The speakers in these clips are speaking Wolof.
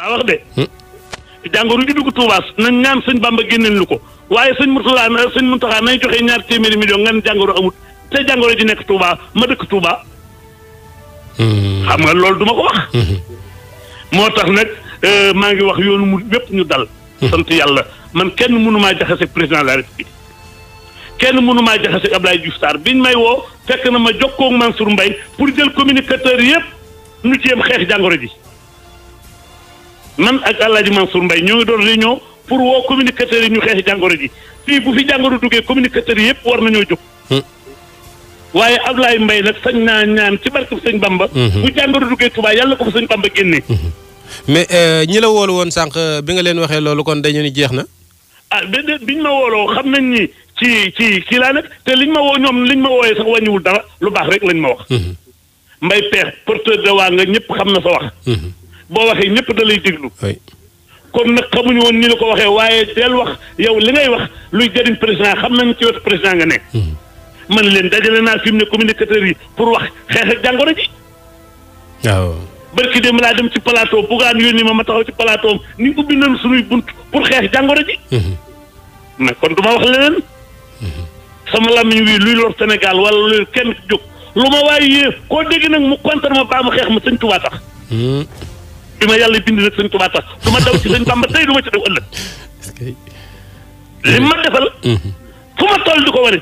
daa wax de. Hmm. jàngoro ji dugg Touba nañ ñaan sëñ Bamba génneel lu ko waaye sëñ Mourtala sëñ Mountakha nay joxe ñaar téeméeri million nga ne jàngoro amut te jàngoro ji nekk Touba ma dëkk Touba. Hmm. xam nga loolu duma ko wax. Hmm. moo tax nag euh, maa ngi wax yoonu mu yépp ñu dal. sant yàlla man kenn mënumaa jaxase président de la république kenn mënumaa jaxase Ablaye Diouf Sarr biñ may woo fekk na ma jokkoo ak Mansour Mbaye pour jël communicateur yépp ci jéem xeex jàngoro ji. man ak El Hadj Mansour mbay ñoo ngi doon réunion pour woo communicateurs yi ñu xeexi jàngoro ji fii bu fi jàngoro duggee communicateurs yi yëpp war nañoo jóg. Hmm. waaye Ablaye nag sañ naa ñaan ci barke bu sëñ Bamba. Hmm. duggee Tuubaa yàlla ko bu sëñ Bamba génnee. Hmm. mais euh, ñi la wool woon sànq euh, bi nga leen waxee loolu kon dañu ni jeex na. ah déedéet biñ ma wooloo xam nañ ni ci ci kii laa nag te liñ ma woo ñoom liñ ma wooyee sax wàññiwul dara lu baax rek lañ ma wax. Mbaye Pekh porteur de waa nga ñëpp xam na sa wax. boo waxee ñëpp da lay déglu. kon nag xamuñu woon ni la ko waxee waaye del wax yow li ngay wax luy jëriñ président xam nañ ci wetu président nga nekk. Hmm. man leen dajale naa fi mu ne communicateurs yi pour wax xeex ak jàngoro ji. waaw. barki dem laa dem ci plateau bugaan yónni ma ma taxaw ci plateau ni ubbi nañ suñuy bunt pour xeex jàngoro ji. mais hmm. kon du wax leneen. Hmm. sama lamiñ wi luy lor Sénégal wala luy kenn jóg lu ma waaye yéef koo dégg nag mu contre ma baa mu xeex ma tax. bi ma yàlla bind nag sëñ Tuubaa du ma daw ci sëñ Bàmba tey ma ci defal fu ma toll di ko wane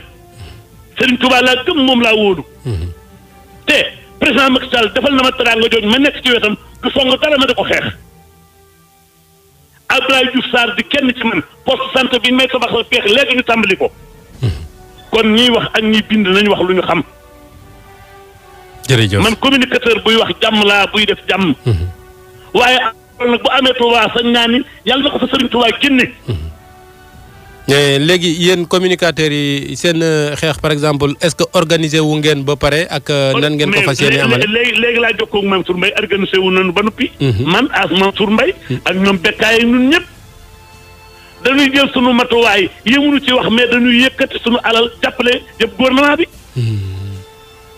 sëñ Tuubaa gëm moom laa wóolu te président Macky Sall defal na ma teraanga jooju ma nekk ci wetam du song dara ma di ko xeex Abdoulaye Diouf Sarr di kenn ci man poste santé bi ñu may tabaxal peex léegi ñu tàmbali ko kon ñiy wax ak ñiy bind nañu wax lu ñu xam jërëjëf man communicateur buy wax jàmm laa buy def jàmm waaye am nag bu amee Touba sañ naa ni yàlla na ko fa Serigne Touba génne. Eh, léegi yéen communicateurs yi seen euh, xeex par exemple est-ce que organiser wu ngeen ba pare ak euh, nan ngeen ko fas yéene amale léegi léegi laa jokkoo ak Mansour Mbaye organiser wu nañu ba noppi. Mhm. man ak Mansour mbay mhm. ak ñoom bekkaay ñun ñëpp dañuy jël sunu matuwaay yënguñu ci wax mais dañuy yëkkati sunu alal jàppale yëpp gouvernement bi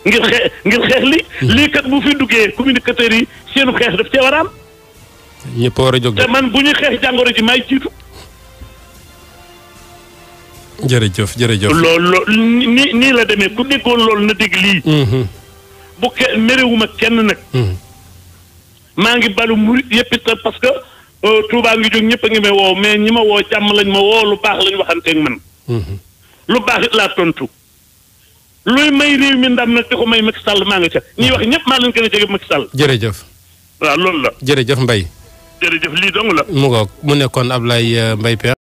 ngir xee ngir xeex li lii hmm. bu fi duggee communicateurs yi seenu xeex daf cee war a war a jóg te man bu ñuy xeex jàngoro ji may jiitu. jërëjëf lool loolu nii nii la demee ku déggoon lool na dégg lii. Hmm. bu ke merewuma kenn nag. Hmm. maa ngi balu murit yëpp itam parce que euh, Touba ngi jóg ñëpp a ngi may woo mais ñi ma woo jàmm lañ ma woo lu baax lañ waxanteeg man. lu baax it laa tontu. luy may réew mi ndam nag te ko may Macky Sall maa nga ca ñuy wax ñëpp maa leen gën a ma Macky Sall. jërëjëf. waa loolu la. jërëjëf Mbaye. jërëjëf lii dong la. mu ngoog mu nekkoon ab Ablaye euh, mbay Pekh